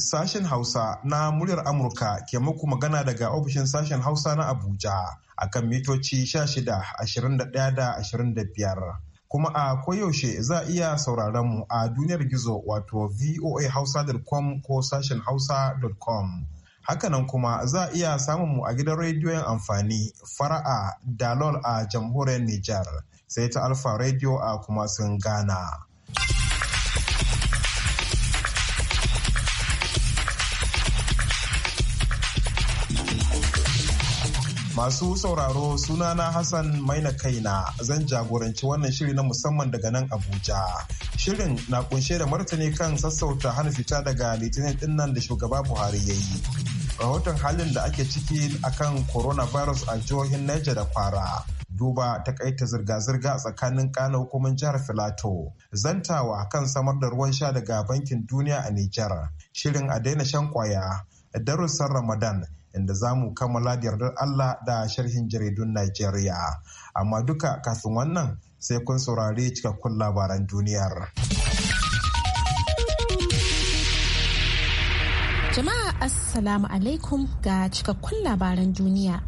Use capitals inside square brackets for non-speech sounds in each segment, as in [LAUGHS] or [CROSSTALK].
Sashen Hausa na muryar Amurka ke muku magana daga ofishin sashen Hausa na Abuja a kan mitoci 16, 21 da 25. Kuma a koyaushe za a iya sauraron mu a duniyar gizo wato voahausa.com ko sashen hausa.com. Hakanan kuma za a iya samun mu a gidan rediyon amfani fara'a dalol a jamhuriyar Nijar sai ta Alfa Radio a kuma sun Ghana. Masu sauraro sunana Hassan Maina Kaina zan jagoranci wannan shiri na musamman daga nan Abuja. Shirin na kunshe da martani kan sassauta hana fita daga litinin dinnan da shugaba Buhari ya yi. Rahoton halin da ake ciki akan coronavirus a jihohin Niger da Kwara. Duba ta kaita zirga-zirga tsakanin kana hukumin jihar Filato. Zantawa kan samar da ruwan sha daga bankin duniya a Nijar. Shirin a daina shan kwaya. Darussan Ramadan inda za mu kammala da yardar Allah da sharhin jaridun Najeriya. Amma duka kafin wannan sai kun saurari cikakkun labaran duniyar. Jama'a Assalamu alaikum ga cikakkun labaran duniya.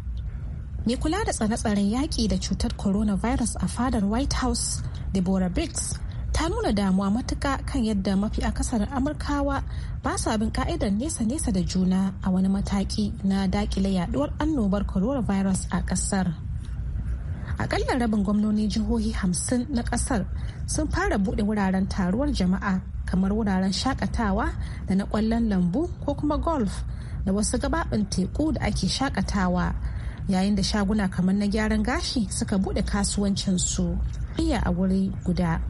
Mai kula da tsare-tsaren yaƙi da cutar coronavirus a fadar White House, Deborah Biggs ta nuna damuwa matuka kan yadda mafi akasarin amurkawa ba sa bin ka'idar nesa-nesa da juna a wani mataki na dakile yaduwar annobar coronavirus a kasar akalla rabin gwamnoni jihohi hamsin na kasar sun fara bude wuraren taruwar jama'a kamar wuraren shakatawa da na kwallon lambu ko kuma golf da wasu gababin teku da ake shakatawa yayin da shaguna kamar na gyaran gashi suka bude kasuwancinsu iya a wuri guda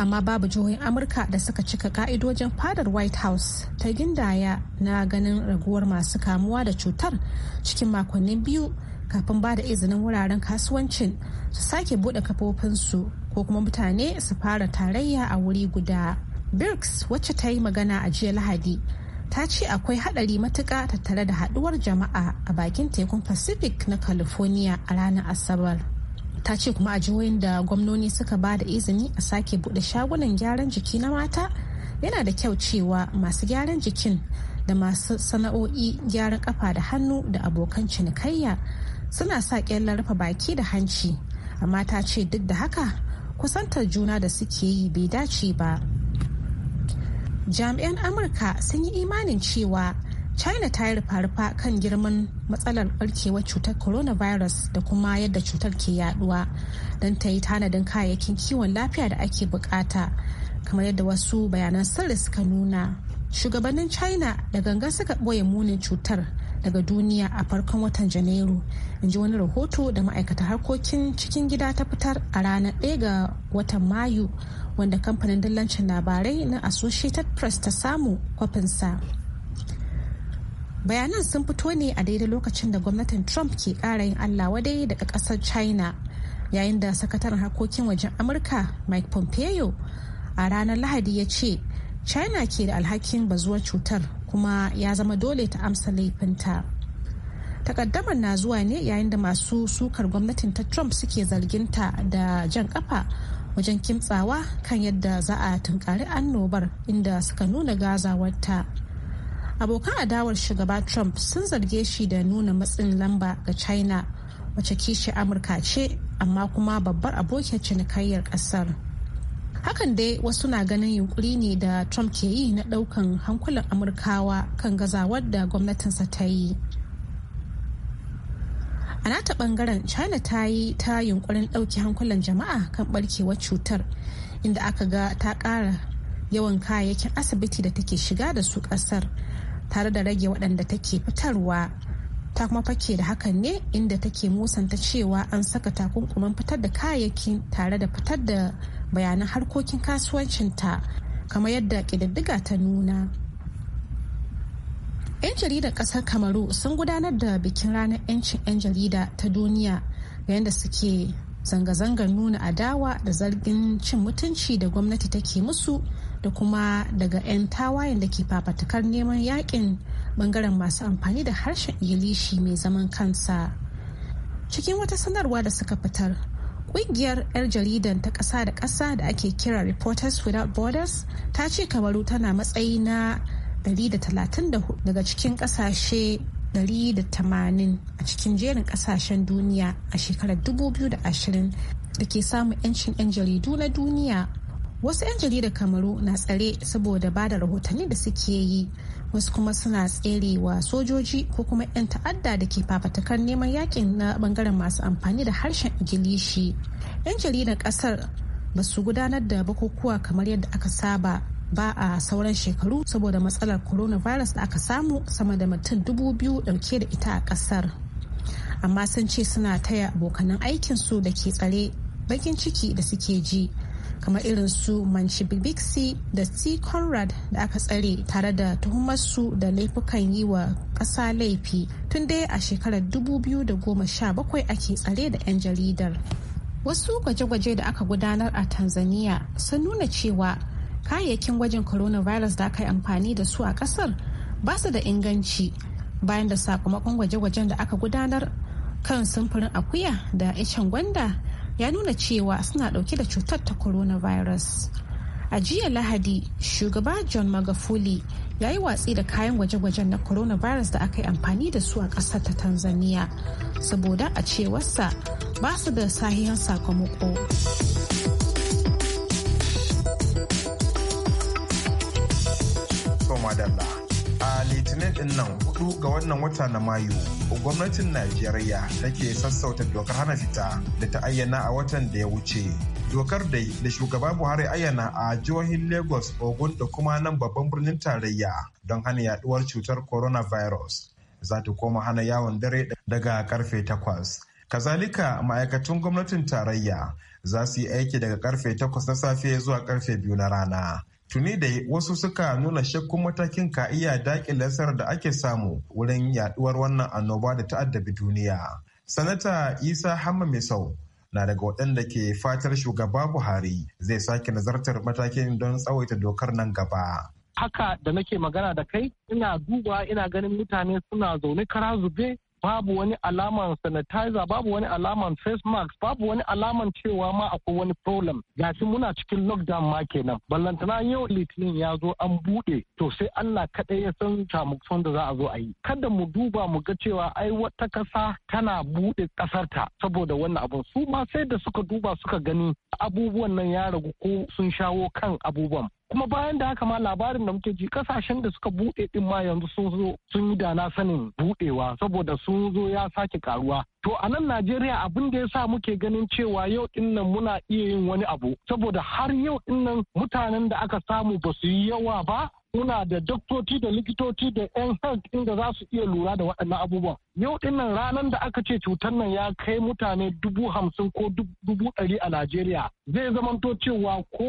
amma babu jihohin amurka da suka cika ka'idojin fadar white house ta gindaya na ganin raguwar masu kamuwa da cutar cikin makonni biyu kafin ba da izinin wuraren kasuwancin su sake buɗe kafofinsu ko kuma mutane su fara tarayya a wuri guda birks wacce ta yi magana a jiya lahadi ta ce akwai hadari matuka tattare da haduwar jama'a a bakin tekun pacific na california a ranar asabar ta ce kuma a jihohin da gwamnoni suka ba da izini a sake bude shagunan gyaran jiki na mata yana da kyau cewa masu gyaran jikin da masu sana'o'i gyaran kafa da hannu da abokan cinikayya suna sa kyallar rufe baki da hanci amma ta ce duk da haka kusantar juna da suke yi bai dace ba jami'an amurka sun yi imanin cewa china ta yi rufa-rufa kan girman matsalar barkewar cutar coronavirus da kuma yadda cutar ke yaduwa don ta yi tanadin kayayyakin kiwon lafiya da ake bukata kamar yadda wasu bayanan sirri suka nuna shugabannin china da ganga suka ɓoye munin cutar daga duniya a farkon watan janairu in ji wani rahoto da ma'aikata harkokin cikin gida ta fitar a ranar 1 ga watan mayu wanda kamfanin dillancin labarai na associated press ta samu kwafinsa bayanan sun fito ne a daidai lokacin da gwamnatin trump ke kara yin allah wadai daga kasar china yayin da sakataren harkokin wajen amurka mike pompeo a ranar lahadi ya ce china ke da alhakin bazuwar cutar kuma ya zama dole ta amsa laifinta takaddamar na zuwa ne yayin da masu sukar gwamnatin ta trump suke zarginta da jan kafa wajen kimtsawa kan yadda za a tunkari annobar inda suka nuna gazawarta. abokan adawar shugaba trump sun zarge shi da nuna matsin lamba ga china wace kishi amurka ce amma kuma babbar abokin cinikayyar kasar hakan dai wasu na ganin yunkuri ne da trump ke yi na daukan hankulan amurkawa kan gazawar da gwamnatinsa ta yi a nata bangaren china ta yi ta yunkurin dauki hankulan jama'a kan barkewar cutar inda aka ga ta kara yawan kayayyakin asibiti da take shiga da su kasar tare da rage waɗanda take fitarwa ta kuma fake da hakan ne inda take musanta cewa an saka takunkuman fitar da kayayyakin tare da fitar da bayanan harkokin kasuwancinta kamar yadda ƙididdiga ta nuna 'yan jaridar ƙasar kamaru sun gudanar da bikin ranar 'yancin 'yan jarida ta duniya yayin da suke zanga-zangar nuna adawa da zargin cin mutunci da gwamnati take musu da kuma daga 'yan tawayen da ke fafatakar neman yakin bangaren masu amfani da harshen ingilishi mai zaman kansa cikin wata sanarwa da suka fitar kungiyar 'yar jaridan ta ƙasa da ƙasa da ake kira reporters without borders ta ce kamaru tana matsayi na 134 daga cikin ƙasashe 180 a cikin jerin ƙasashen duniya a shekarar 2020 da ke samun 'yancin 'yan jaridu na duniya wasu 'yan jaridar kamaru na tsare saboda ba da rahotanni da suke yi wasu kuma suna tsere wa sojoji ko kuma 'yan ta'adda da ke fafatakar neman yakin na bangaren masu amfani da harshen ingilishi 'yan jaridar kasar ba su gudanar da bukukuwa kamar yadda aka saba ba a sauran shekaru saboda matsalar coronavirus da aka samu sama da mutum dubu biyu dauke da ita a kasar amma sun ce suna taya abokanan aikinsu da ke tsare bakin ciki da suke ji kamar irin su manchi bibixi da t conrad da aka tsare tare da tuhumar su da laifukan yi wa ƙasa laifi tun dai a shekarar 2017 ake tsare da 'yan jaridar wasu gwaje-gwaje da aka gudanar a tanzania sun nuna cewa kayayyakin gwajin coronavirus da aka yi amfani da su a kasar ba su da inganci bayan da sakamakon gwaje-gwajen da aka gudanar kan sumfurin akuya da icen gwanda ya nuna cewa suna dauke da cutar ta coronavirus a jiya lahadi shugaba john magafuli ya yi watsi da kayan gwaje-gwajen na coronavirus da aka yi amfani da su a ƙasar ta tanzania saboda a cewarsa ba su da sahihan sakamako Allah. litinin din nan hudu ga wannan wata na mayu gwamnatin najeriya take sassauta dokar hana fita da ta ayyana a watan da ya wuce dokar da da shugaba buhari ayyana a jihohin lagos ogun da kuma nan babban birnin tarayya don hana yaduwar cutar coronavirus za ta koma hana yawon dare daga karfe takwas kazalika ma'aikatan gwamnatin tarayya za su yi aiki daga karfe takwas na safe zuwa karfe biyu na rana tuni da wasu suka nuna shakkun matakin ka iya daƙile nasarar da ake samu wurin yaduwar wannan annoba da ta'addabi duniya sanata isa hamma mai na daga waɗanda ke fatar shugaba buhari zai sake nazartar matakin don tsawaita dokar nan gaba haka da nake magana da kai ina duba ina ganin mutane suna zaune kara zube babu wani alaman sanitizer babu wani alaman face mask babu wani alaman cewa ma akwai wani problem gashi muna cikin lockdown ma kenan ballantana yau litinin ya zo an bude to sai Allah kaɗai ya san tamukson da za a zo a yi kada mu duba mu ga cewa ai wata kasa tana bude ƙasarta saboda wannan abun su ma sai da suka duba suka gani abubuwan nan ya ragu ko sun shawo kan abubuwan kuma bayan da haka ma labarin da muke ji kasashen da suka buɗe din ma yanzu sun zo sun yi dana sanin buɗewa saboda sun zo ya sake karuwa to a nan najeriya abin da ya sa muke ganin cewa yau din nan muna iya yin wani abu saboda har yau din nan mutanen da aka samu ba su yi yawa ba muna da doktoci da likitoci da 'yan health inda za su iya lura da waɗannan abubuwan. Yau dinnan ranar da aka ce cutar nan ya kai mutane dubu hamsin ko dubu ɗari a Najeriya zai zamanto cewa ko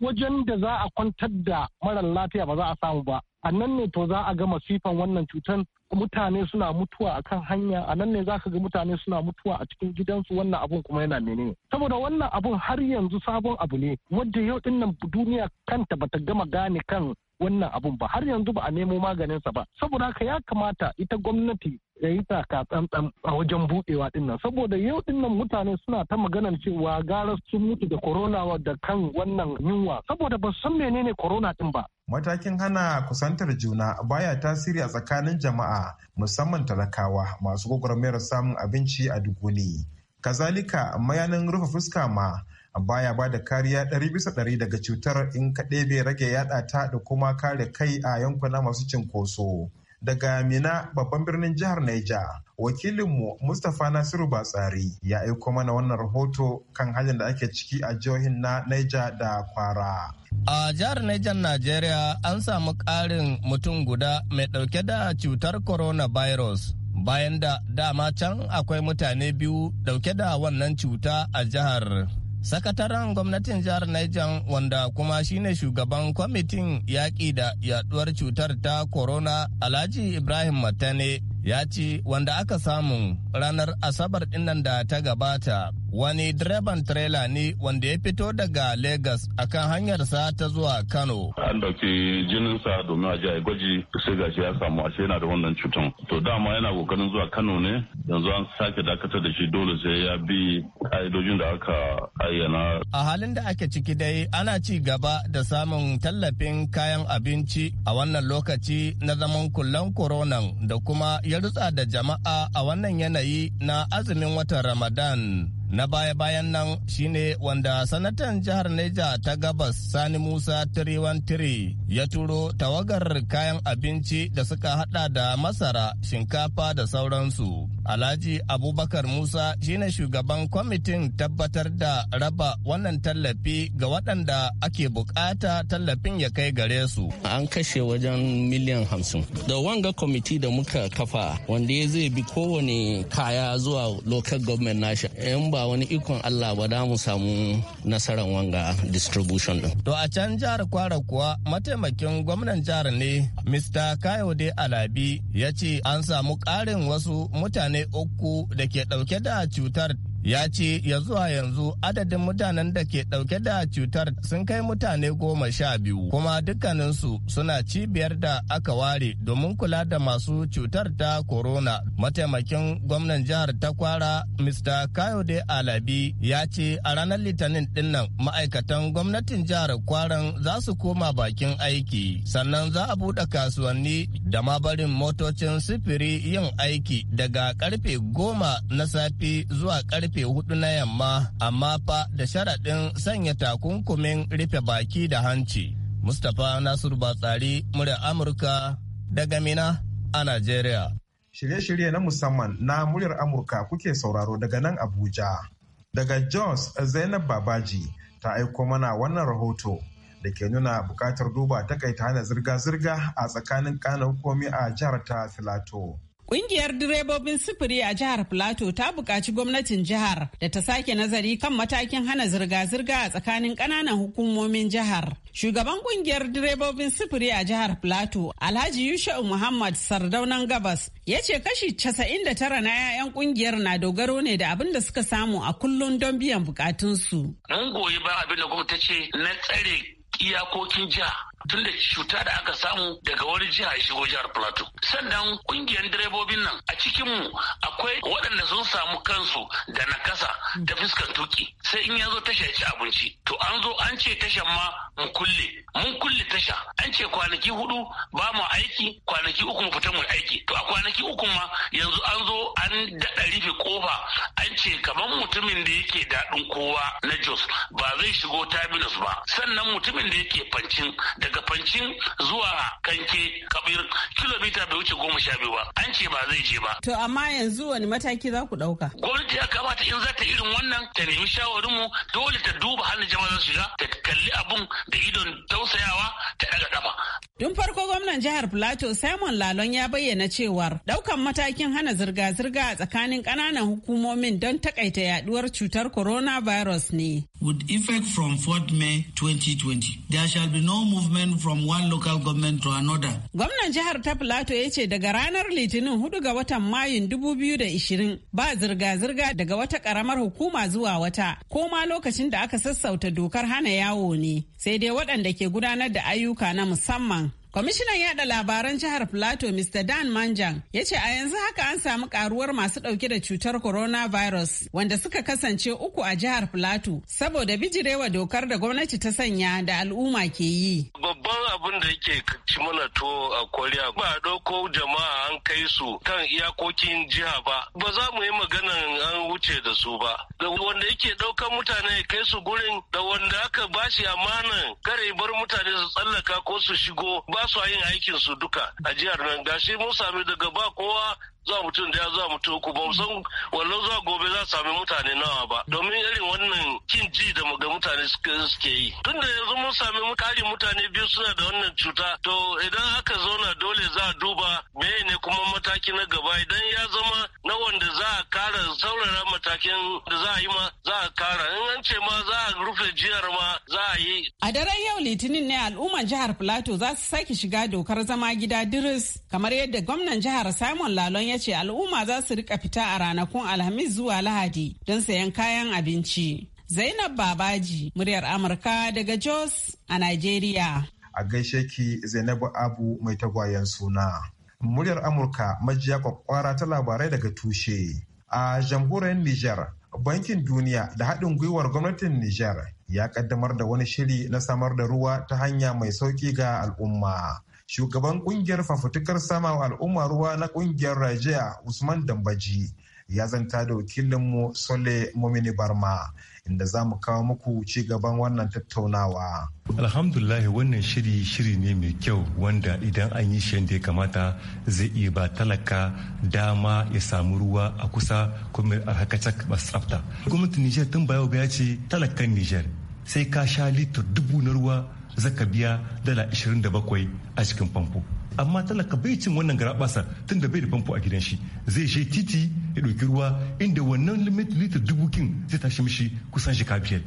wajen da za a kwantar da marar lafiya ba za a samu ba. a nan ne to za a ga masifan wannan cutar mutane suna mutuwa a kan hanya a nan ne za ka ga mutane suna mutuwa a cikin gidansu wannan abun kuma yana menene saboda wannan abun har yanzu sabon abu ne wadda yau din nan duniya kanta bata gama gane kan wannan abun ba har yanzu ba a nemo maganinsa ba saboda haka ya kamata ita gwamnati ya yi taka tsantsan a wajen buɗewa ɗinnan, saboda yau ɗinnan mutane suna ta maganar cewa gara sun mutu da corona da kan wannan yunwa saboda ba san menene korona din ba matakin hana kusantar juna baya tasiri a tsakanin jama'a musamman talakawa masu gwagwarmayar samun abinci a duguni kazalika mayanin rufe fuska ma baya ba da kariya ɗari bisa ɗari daga cutar in kaɗai bai rage yaɗa ta da kuma kare kai a yankuna masu cinkoso daga Mina babban birnin jihar Niger. Wakilinmu Mustapha Nasiru Batsari ya aiko mana wannan rahoto kan halin da ake ciki a jihohin na Niger da Kwara. A jihar Niger Najeriya an samu ƙarin mutum guda mai ɗauke da cutar coronavirus. Bayan da dama can akwai mutane biyu ɗauke da wannan cuta a jihar. Sakataren gwamnatin jihar Niger wanda kuma shine shugaban kwamitin yaƙi da yaduwar cutar ta corona Alhaji Ibrahim Matane ya ce wanda aka samu ranar Asabar dinnan da ta gabata wani direban trela ne wanda ya fito daga Legas akan hanyarsa ta zuwa Kano. An dauki jininsa domin a ji gwaji sai shi ya samu ashe yana da wannan cutan. To dama yana kokarin zuwa Kano ne yanzu an sake dakatar da shi dole sai ya bi ka'idojin da aka ayyana. A halin da ake ciki dai ana ci gaba da samun tallafin kayan abinci a wannan lokaci na zaman kullan koronan da kuma ya rutsa da jama'a a wannan yanayi na azumin watan Ramadan. na baya-bayan nan shine wanda sanatan jihar Neja ta gabas Sani Musa 313 ya turo tawagar kayan abinci da suka hada da masara, shinkafa da sauransu Alhaji Abubakar Musa shine shugaban kwamitin tabbatar da raba wannan tallafi ga waɗanda ake bukata tallafin ya kai gare su. An kashe wajen miliyan hamsin. Da wanga kwamiti da muka kafa wanda ya zai bi kowane kaya zuwa local government nashi. In ba wani ikon Allah ba da mu samu nasarar wanga distribution din. To a can jihar Kwara kuwa mataimakin gwamnan jihar ne Mr. Kayode Alabi ya ce an samu ƙarin wasu mutane mutane uku da ke ɗauke da cutar ya ce ya zuwa yanzu adadin mutanen da ke ɗauke da cutar sun kai mutane goma sha biyu kuma dukkaninsu suna cibiyar da aka ware domin kula da masu cutar ta corona mataimakin gwamnan jihar ta kwara mr kayode alabi ya ce a ranar litinin dinnan ma'aikatan gwamnatin jihar kwaran za su koma bakin aiki sannan za a buɗe kasuwanni da ma barin motocin sifiri yin aiki daga karfe goma na safe zuwa karfe karfe hudu na yamma amma fa da sharaɗin sanya takunkumin rufe baki da hanci. Mustapha Nasir Batsari murya Amurka daga Mina a Najeriya. Shirye-shirye na musamman na muryar Amurka kuke sauraro daga nan Abuja. Daga Jos Zainab Babaji ta aiko mana wannan rahoto. da ke nuna bukatar duba takaita hana zirga-zirga a tsakanin kanan komi a jihar ta filato Ƙungiyar direbobin sufuri a jihar Plateau ta buƙaci gwamnatin jihar da ta sake nazari kan matakin hana zirga-zirga a tsakanin ƙananan hukumomin jihar. Shugaban ƙungiyar direbobin sufuri a jihar Plateau, Alhaji Yusha'u Muhammad Sardaunan Gabas, ya ce kashi 99 na 'ya'yan ƙungiyar na dogaro ne da abin da suka samu a kullum don biyan bukatunsu Mun goyi ba abin da gwamnati ce na tsare iyakokin jiha tun da cuta da aka samu daga wani jiha ya shigo jihar plateau sannan kungiyar direbobin nan a cikinmu akwai waɗanda sun samu kansu da nakasa da fuskan tuki sai in yazo zo tasha ya ci abinci to an zo an ce tashan ma mu kulle mun kulle tasha an ce kwanaki hudu ba mu aiki kwanaki uku mu fita mu aiki to a kwanaki uku ma yanzu an zo an daɗa rufe kofa an ce kamar mutumin da yake daɗin kowa na jos ba zai shigo terminus ba sannan mutumin da yake fancin daga daga fancin zuwa kanke kabir kilomita bai wuce goma sha biyu ba an ce ba zai je ba. to amma yanzu wani mataki za ku ɗauka. gwamnati ya kamata in za ta irin wannan ta nemi mu dole ta duba hannun jama'a za su shiga ta kalli abun da idon tausayawa ta ɗaga ƙafa. Tun farko gwamnan jihar Plateau Simon Lalon ya bayyana cewar ɗaukan matakin hana zirga-zirga a tsakanin ƙananan hukumomin don takaita yaduwar cutar coronavirus ne. with effect from 4th May 2020. There shall be no movement from one local government to another. Gwamnan jihar ta Plato ya ce daga ranar Litinin hudu ga watan Mayun 2020 ba zirga-zirga daga wata karamar hukuma zuwa wata, ko ma lokacin da aka sassauta dokar hana yawo ne, sai dai waɗanda ke gudanar da ayyuka na musamman Kwamishinan yada labaran jihar Plateau Mr. Dan Manjan ya ce a yanzu haka an samu karuwar masu dauke da cutar coronavirus wanda suka kasance uku a jihar Plateau saboda bijirewa dokar da gwamnati ta sanya da al'umma ke yi. Babban abin da yake ci mana to a Koriya ba a doko jama'a an kai su kan iyakokin jiha ba. Ba za mu yi maganan an wuce da su ba. Da wanda yake daukan mutane ya kai su gurin da wanda aka bashi amanan kare bar mutane su tsallaka ko su shigo ba ba su yin aikin su duka a jihar nan gashi mun sami daga ba kowa za mutum daya za mutum uku ba san wannan za gobe za sami mutane nawa ba domin irin wannan kin ji da ga mutane suke yi tun da yanzu mun sami ƙarin mutane biyu suna da wannan cuta to idan aka zauna dole za duba meye ne kuma mataki na gaba idan ya zama na wanda za a kara saurara matakin da za a yi ma za a kara in an ce ma za a rufe jiyar ma za a yi. A daren yau litinin ne al'umman jihar plateau za su sake shiga dokar zama gida diris kamar yadda gwamnan jihar Simon Lalon ya ya ce al'umma za su rika fita a ranakun Alhamis zuwa Lahadi don sayan kayan abinci. Zainab Babaji, muryar Amurka daga Jos a Najeriya. A gaishe ki Zainabu Abu mai tagwayen suna. Muryar Amurka majiya kwakwara ta labarai daga tushe. A jamhuriyar Nijar, Bankin Duniya da haɗin gwiwar gwamnatin Nijar ya ƙaddamar da wani shiri na samar da ruwa ta hanya mai sauƙi ga al'umma. shugaban kungiyar fafutukar sama al'umma ruwa na kungiyar rajiya usman dambaji ya zanta da wakilinmu sole momini barma inda za mu kawo muku ci gaban wannan tattaunawa alhamdulahi wannan shiri shiri ne mai kyau wanda idan an yi shi da ya kamata zai iya ba talaka dama ya samu ruwa a kusa kuma a hakacak masu tsafta gwamnatin niger tun bayo ya ce talakan niger sai ka sha litir dubu na ruwa zaka biya dala 27 a cikin famfo amma talaka bai cin wannan garabasa tun da bai da famfo a gidan shi zai je titi ya ɗauki ruwa inda wannan litir dubu kin zai tashi mishi kusan shi biyar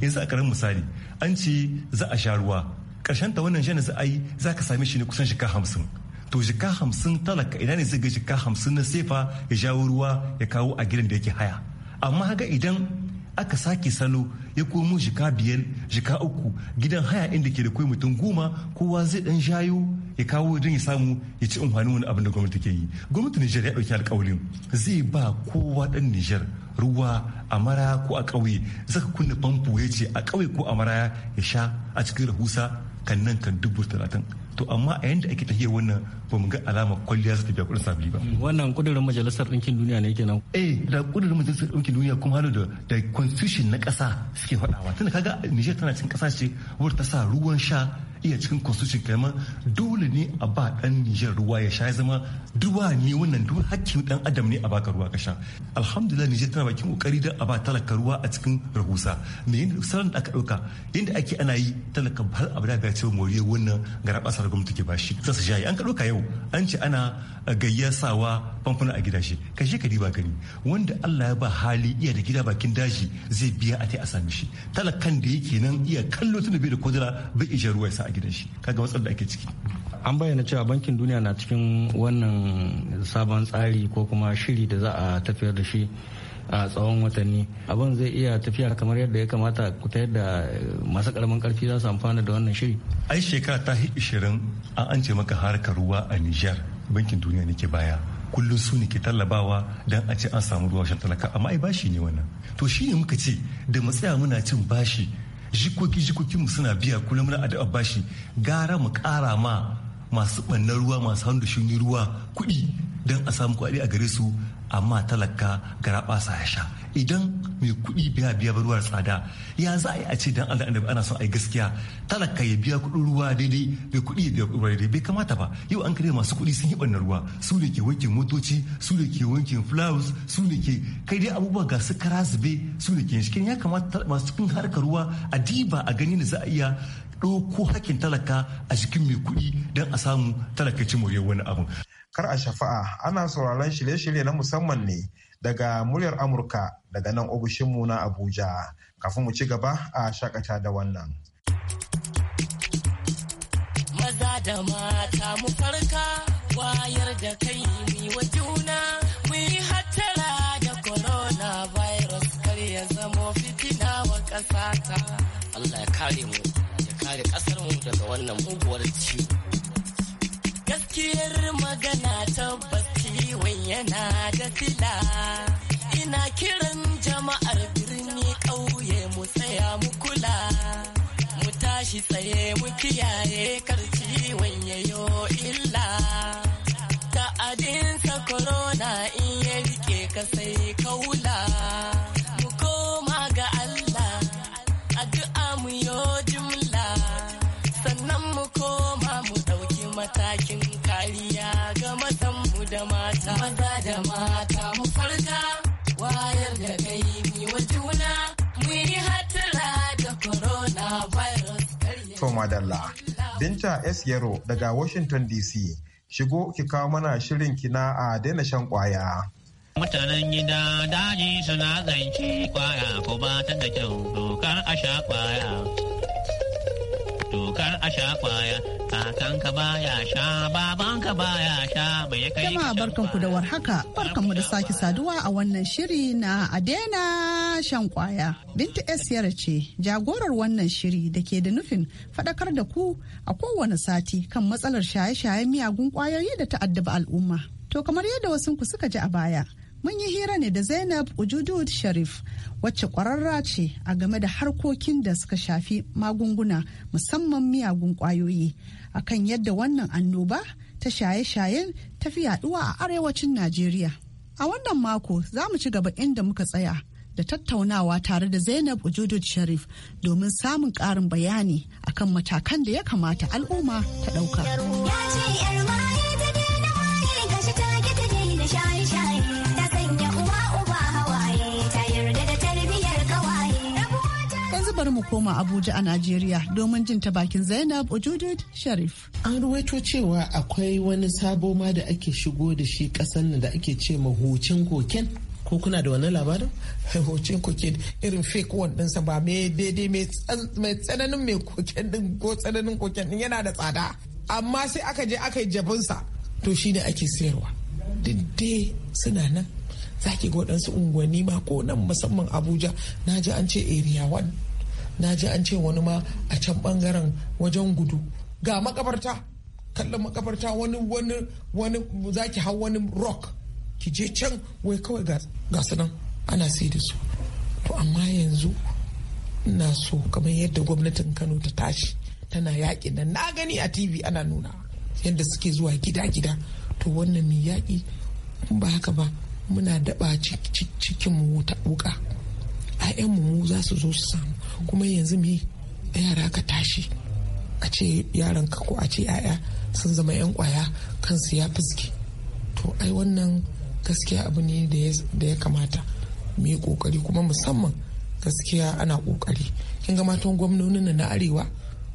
yanzu a karan misali an ce za a sha ruwa ƙarshen ta wannan shan za a yi za ka same shi ne kusan shika hamsin to jika hamsin talaka idan ne zai ga shika hamsin na sefa ya jawo ruwa ya kawo a gidan da yake haya amma haka idan aka sake salo ya komo jika biyar jika uku gidan haya inda ke da kai mutum goma kowa zai dan shayo ya kawo don ya samu ya ci umarni wani abin da gwamnati ke yi gwamnati nijar ya ɗauki alkawalin zai ba kowa dan nijar ruwa a mara ko a ƙauye zaka kunna famfo ya ce a ƙauye ko a maraya ya sha a cikin rahusa kan nan kan dubu talatin to amma a yanda ake tafiya wannan ba mu ga alama kwalliya su tafiya kudin sabili ba wannan kudirin majalisar ɗinkin duniya ne kenan eh da kudirin majalisar ɗinkin duniya kuma hannu da da constitution na ƙasa suke faɗawa tunda kaga Niger tana cikin ƙasa ce wadda ta sa ruwan sha iya cikin constitution kamar dole ne a ba dan Nijar ruwa ya sha ya zama duwa ne wannan duk hakkin dan adam ne a baka ruwa ka sha alhamdulillah Nijar tana bakin kokari da a ba talaka ruwa a cikin rahusa me yin saran da aka dauka yanda ake ana yi talaka har abada ga cewa moriya wannan gara basar gwamnati ke bashi sai su yi an ka dauka yau an ce ana gayyasawa famfuna a gidaje ka je ka diba gani wanda Allah ya ba hali iya da gida bakin daji zai biya a ta a sami shi talakan da yake nan iya kallo tun da bai da kodira bai iya ruwa ya sa a gidan shi kaga watsar da ake ciki an bayyana cewa bankin duniya na cikin wannan sabon tsari ko kuma shiri da za a tafiyar da shi a tsawon watanni abin zai iya tafiya kamar yadda ya kamata ku ta yadda masu karamin karfi za su amfana da wannan shiri ai shekara ta 20 an ance maka harkar ruwa a niger bankin duniya ne ke baya kullum su ne ke tallabawa dan a ce an samu ruwa shan talaka amma ai bashi ne wannan to shi ne muka ce da matsaya muna cin bashi jikoki jikokin mu suna biya kullum muna addu'a bashi gara mu kara ma masu bannan ruwa masu hannu shuni ruwa kuɗi don a samu kuɗi a gare su amma talaka sa ya sha idan mai kuɗi biya biya ba ruwa tsada ya za a yi a ce dan Allah annabi ana son a yi gaskiya talaka ya biya kuɗin ruwa daidai mai kuɗi ya biya ruwa daidai bai kamata ba yau an kare masu kuɗi sun yi ɓannar ruwa su ne ke wankin motoci su ne ke wankin flowers su ne ke kai dai abubuwa ga su kara zube su ne ke shi ya kamata masu cikin harkar ruwa a diba a gani da za a iya ɗauko hakkin talaka a cikin mai kuɗi don a samu talakacin moriyar wani abu. kar a shafa'a ana sauraron shirye-shirye na musamman ne daga muryar Amurka daga nan mu na Abuja. Kafin mu ci gaba a shakata da wannan. Maza da mata mu farka wayar da kai mi wa juna mu yi hattara da corona virus kar ya zama fitina wa ƙasata. Allah ya kare mu ya kare ƙasar mu daga wannan muguwar ciwo. gaskiyar magana tabbas kiwon yana da fila ina kiran jama'ar birni ƙauye mu tsaya mu kula mu tashi tsaye mu kiyaye kar kiwon yayo illa madalla. Binta S. Yaro daga Washington DC. Shigo ki kawo mana shirin kina a daina shan kwaya. Mutanen gida daji suna zance kwaya ko ba ta da kyau dokar a sha kwaya. kar a sha kwaya kakanka baya sha babanka baya sha bai kai jama'a barkanku da warhaka mu da sake saduwa a wannan shiri na adena shan kwaya binta esiyar ce jagorar wannan shiri da ke da nufin faɗakar da ku a kowane sati kan matsalar shaye-shayen miyagun kwayoyi da ta'addaba al'umma to kamar yadda wasunku suka ji a baya Mun yi hira ne da Zainab Ujudud Sharif wacce kwararra ce a game da harkokin da suka shafi magunguna musamman miyagun kwayoyi akan yadda wannan annoba ta shaye-shayen tafi yaduwa a arewacin Najeriya. A wannan mako za mu ci gaba inda muka tsaya da tattaunawa tare da Zainab Ujudud Sharif domin samun karin bayani akan matakan da ya kamata al'umma ta ɗauka. bari mu koma Abuja a Najeriya domin jin ta bakin Zainab Ojudud Sharif. An ruwaito cewa akwai wani sabo ma da ake shigo da shi kasan da ake ce ma hucin koken. ko kuna da wani labarin [LAUGHS] Hucin koke irin fake one ɗinsa ba mai daidai mai tsananin mai koken ɗin ko tsananin koken ɗin yana da tsada amma sai aka je aka yi jabinsa to shi ne ake sayarwa dai suna nan zaki ga waɗansu unguwanni ma ko nan musamman abuja na ji an ce area one na ji an ce wani ma a can bangaren wajen gudu ga makabarta kallon makabarta wani wani wani za ki hau wani rock ki je can wai kawai ga su nan ana sai da su to amma yanzu ina so kamar yadda gwamnatin kano ta tashi tana yaƙi nan na gani a tv ana nuna yadda suke zuwa gida-gida to wannan mai yaƙi ba haka ba muna daɓa cikin wuta wuka 'ya'yanmu mu za su zo su samu kuma yanzu muyi yara ka tashi a ce yaran ka ko a ce 'ya'ya sun zama 'yan kwaya kansu ya fuske to ai wannan gaskiya abu ne da ya kamata mu yi kokari kuma musamman gaskiya ana kokari kin ga matan gwamnonin na arewa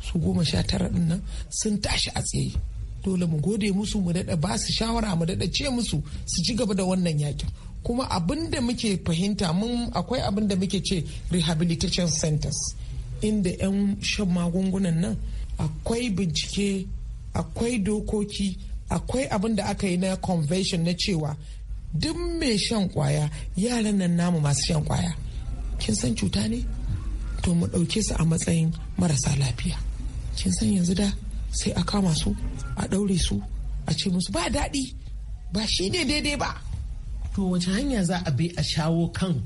su goma sha tara din nan sun tashi a tsaye dole mu gode musu mu daɗa ba su shawara mu daɗa ce musu su ci gaba da wannan yakin kuma abin da muke fahimta mun akwai abin da muke ce rehabilitation centers inda 'yan shan magungunan nan akwai bincike akwai dokoki akwai abin da aka yi na convention na cewa duk mai shan kwaya yaran nan namu masu shan kwaya kin san cuta ne to mu ɗauke su a matsayin marasa lafiya kin san yanzu da sai a kama su a ɗaure su a ce musu ba daɗi ba shi ne daidai ba to wace hanya za a bi a shawo kan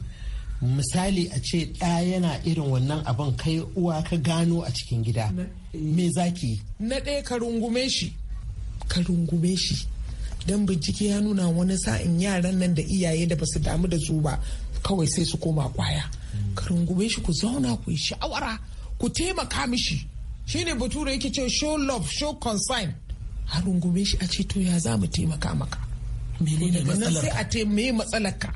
misali a ce ɗa yana irin wannan abin kai uwa ka gano a cikin gida eh. me zaki na ɗaya ka rungume shi ka rungume shi don bincike ya nuna wani sa'in yaran nan da iyaye da basu damu da su ba kawai sai su koma kwaya ka rungume shi ku zauna ku yi shawara ku taimaka mishi shine bature yake ce show love show concern a rungume shi a ce to ya za mu taimaka maka sai a matsalar ka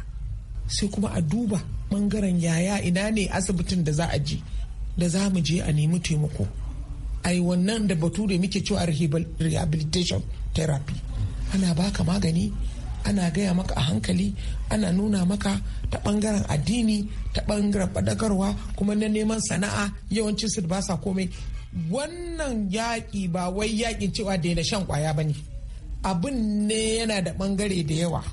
sai kuma a duba bangaren yaya ina ne asibitin da za a je da za mu je a nemi taimako ai wannan da batu da muke cewa rehabilitation therapy ana baka magani ana gaya maka a hankali ana nuna maka ta bangaren addini ta bangaren fadakarwa kuma na neman sana'a yawancin su ba sa komai wannan yaƙi ba wai yaƙin cewa daina shan kwaya ba ne abin ne yana da bangare da yawa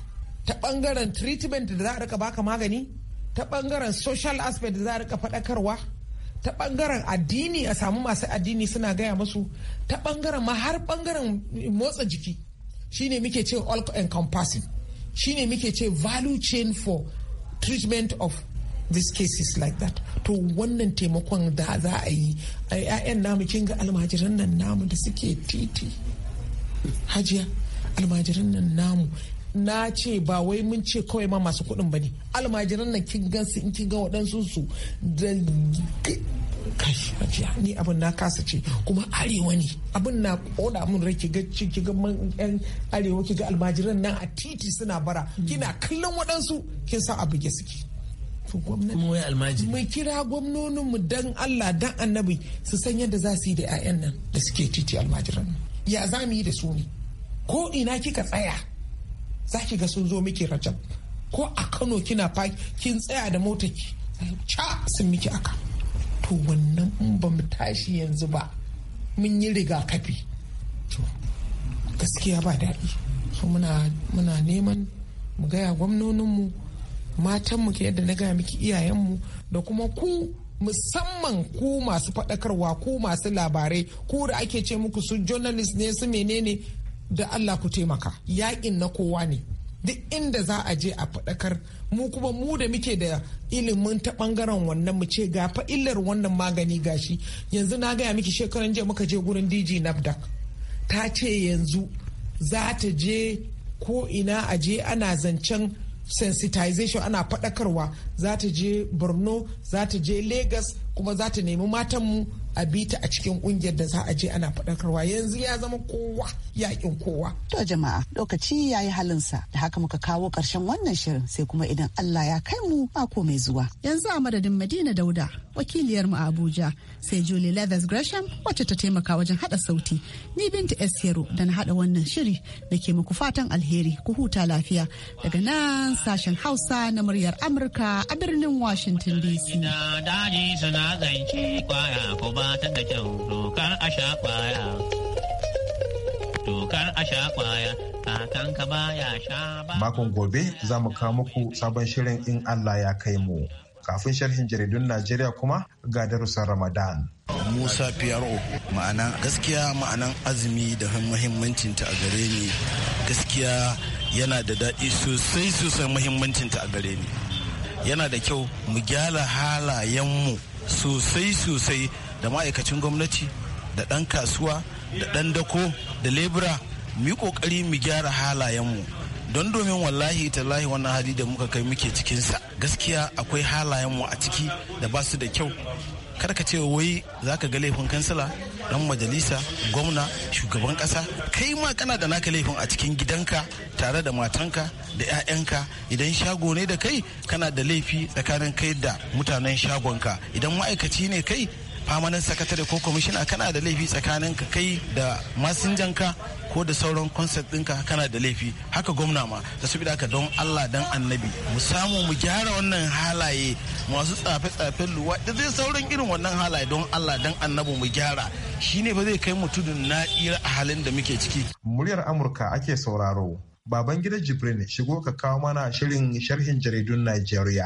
ta bangaren treatment da za a rika baka magani ta bangaren social aspect da za a rika faɗakarwa ta bangaren addini a samu masu addini suna gaya masu ta bangaren ma har bangaren motsa jiki shine muke ce all encompassing shine muke ce value chain for treatment of these cases like that to wannan taimakon da za a yi a 'ya'yan namu kin almajiran nan namu da suke titi hajiya almajiran nan namu na ce ba wai mun ce kawai ma masu kuɗin ba ne almajiran nan kin gan su in kin ga waɗansu su da kashi hajiya ni abin na kasa ce kuma arewa ne abin na koda mun rai ki ga ki ga yan arewa ki ga almajiran nan a titi suna bara kina kallon waɗansu kin sa abu ya suke mu kira gwamnoninmu dan Allah dan annabi su san yadda za su yi da 'ya'yan nan da suke titi almajiran nan ya za mu yi da su ne ko ina kika tsaya za ki ga sun zo miki rajab ko a kano kina kin tsaya da motaki? ki ca sun miki aka to wannan in ba mu tashi yanzu ba mun yi rigakafi gaskiya ba daɗi so muna muna neman mu gaya gwamnoninmu matanmu ke yadda na gaya miki iyayenmu da kuma ku musamman ku masu faɗakarwa ku masu labarai ku da ake ce muku su journalist ne su menene da Allah ku taimaka yakin na kowa ne duk inda za a je a faɗakar mu kuma mu da muke da ilimin ta ɓangaren wannan mu ce ga fa'ilar wannan magani gashi yanzu na gaya miki shekaran jiya muka je gurin DG Nafdak ta ce yanzu za ta je ko ina a je ana zancen sensitization ana faɗakarwa za ta je borno za ta je lagos kuma za ta nemi matanmu a bi ta a cikin kungiyar da za a je ana faɗakarwa yanzu ya zama kowa yakin kowa. To jama'a lokaci ya yi halinsa da haka muka kawo ƙarshen wannan shirin sai kuma idan Allah ya kai mu mako mai zuwa. Yanzu a madadin Madina Dauda wakiliyarmu a Abuja sai Julie Leathers Gresham wacce ta taimaka wajen haɗa sauti ni Binta S. Hero da na haɗa wannan shiri da ke muku fatan alheri ku huta lafiya daga nan sashen Hausa na muryar Amurka a birnin Washington DC. ba da kyau dokar a sha kwaya. Dokar a sha kwaya kakanka ba ya sha ba. Makon gobe za mu kawo muku sabon shirin in Allah ya kai mu. Kafin sharhin jaridun Najeriya kuma ga darussan Ramadan. Musa piero ma'ana gaskiya ma'anan azumi da muhimmancinta a gare ni gaskiya yana da daɗi sosai sosai muhimmancinta a gare ni. Yana da kyau mu gyara halayenmu sosai sosai da ma'aikacin gwamnati da ɗan kasuwa da ɗan dako da lebura mu yi ƙoƙari mu gyara halayenmu don domin wallahi tallahi wannan hali da muka kai muke cikinsa gaskiya akwai halayenmu a ciki da ba su da kyau karka ce wai za ka ga laifin kansila ɗan majalisa gwamna shugaban ƙasa kai ma kana da naka laifin a cikin gidanka tare da matanka da 'ya'yanka idan shago ne da kai kana da laifi tsakanin kai da mutanen shagonka idan ma'aikaci ne kai famanin sakatare ko kwamishina kana da laifi tsakanin ka kai da ka ko da sauran concept ɗinka kana da laifi haka gwamna ma ta su ka don Allah dan annabi mu samu mu gyara wannan halaye masu tsafe-tsafen luwa da zai sauran irin wannan halaye don Allah dan annabi mu gyara shi ne fa zai kai mu tudun na ira a halin da muke ciki muryar Amurka ake sauraro baban gida Jibrin shigo ka kawo mana shirin sharhin jaridun Najeriya.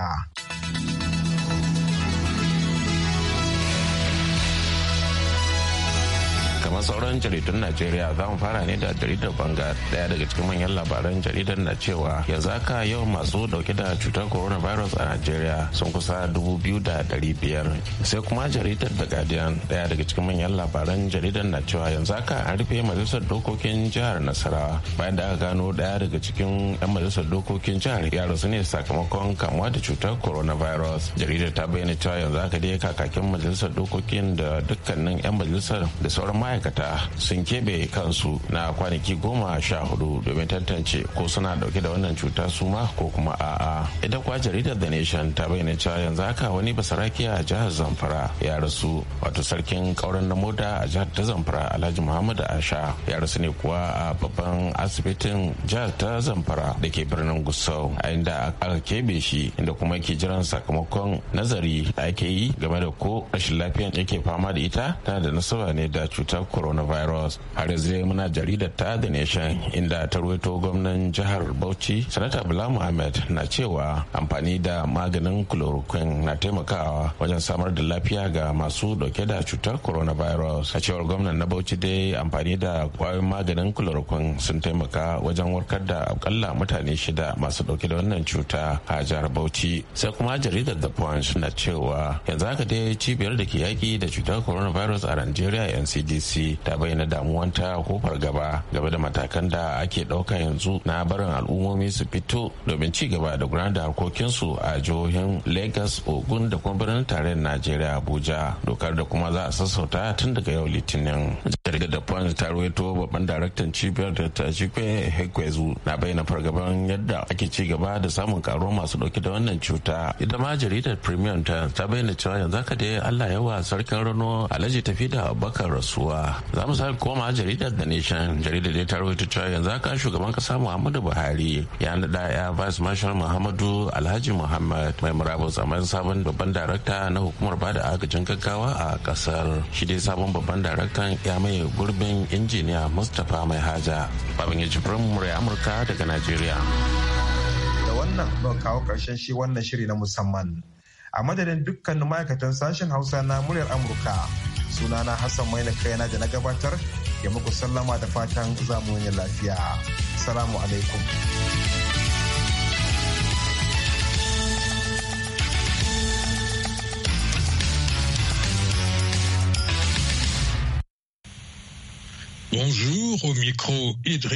sauran jaridun najeriya za mu fara ne da jaridar banga daya daga cikin manyan labaran jaridar na cewa yanzu aka yawan masu dauke da cutar coronavirus a najeriya sun kusa dubu biyu da dari biyar sai kuma jaridar da guardian daya daga cikin manyan labaran jaridar na cewa yanzu haka an rufe majalisar dokokin jihar nasarawa bayan da aka gano daya daga cikin yan majalisar dokokin jihar ya rasu ne sakamakon kamuwa da cutar coronavirus jaridar ta bayyana cewa yanzu haka dai kakakin majalisar dokokin da dukkanin yan majalisar da sauran ma'aikata ma'aikata sun keɓe kansu na kwanaki goma sha hudu domin tantance ko suna dauke da wannan cuta su ma ko kuma a'a ita kuwa jaridar the nation ta bayyana cewa yanzu haka wani basaraki a jihar zamfara ya rasu wato sarkin kauran na moda a jihar ta zamfara alhaji muhammad asha ya rasu ne kuwa a babban asibitin jihar ta zamfara da ke birnin gusau a inda aka keɓe shi inda kuma ke jiran sakamakon nazari da ake yi game da ko rashin lafiyan yake fama da ita tana da nasaba ne da cutar coronavirus har yanzu muna jaridar ta the nation inda ta ruwaito gwamnan jihar bauchi sanata bala muhammad na cewa amfani da maganin chloroquine na taimakawa wajen samar da lafiya ga masu dauke da cutar coronavirus a cewar gwamnan na bauchi dai amfani da kwayoyin maganin chloroquine sun taimaka wajen warkar da akalla mutane shida masu dauke da wannan cuta a jihar bauchi sai kuma jaridar the punch na cewa yanzu haka dai cibiyar da ke yaki da cutar coronavirus a nigeria ncdc ta bayyana damuwanta ko fargaba game da matakan da ake ɗauka yanzu na barin al'ummomi su fito domin ci gaba da gudanar da harkokinsu a jihohin lagos ogun da kuma birnin tarayyar najeriya abuja dokar da kuma za a sassauta tun daga yau litinin jirgin da point ta ruwaito babban daraktan cibiyar da ta shikwe hekwezu na bayyana fargaban yadda ake ci gaba da samun karuwa masu ɗauke da wannan cuta ita ma jaridar premium ta bayyana cewa yanzu aka dai allah yawa sarkin rano alhaji tafi da abubakar rasuwa za mu sami koma jaridar da nation jaridar da ta rawaito cewa yanzu haka shugaban kasa muhammadu buhari ya naɗa ya vice marshal muhammadu alhaji muhammad mai murabus a sabon babban darakta na hukumar bada agajin gaggawa a kasar shi dai sabon babban daraktan ya mai gurbin injiniya mustapha mai haja babin ya jibrin murya amurka daga najeriya da wannan don kawo karshen shi wannan shiri na musamman a madadin dukkanin ma'aikatan sashen hausa na muryar amurka sunana hassan maina kaina da na gabatar ya muku sallama da fatan zamuni lafiya salamu alaikum Bonjour au micro Idriss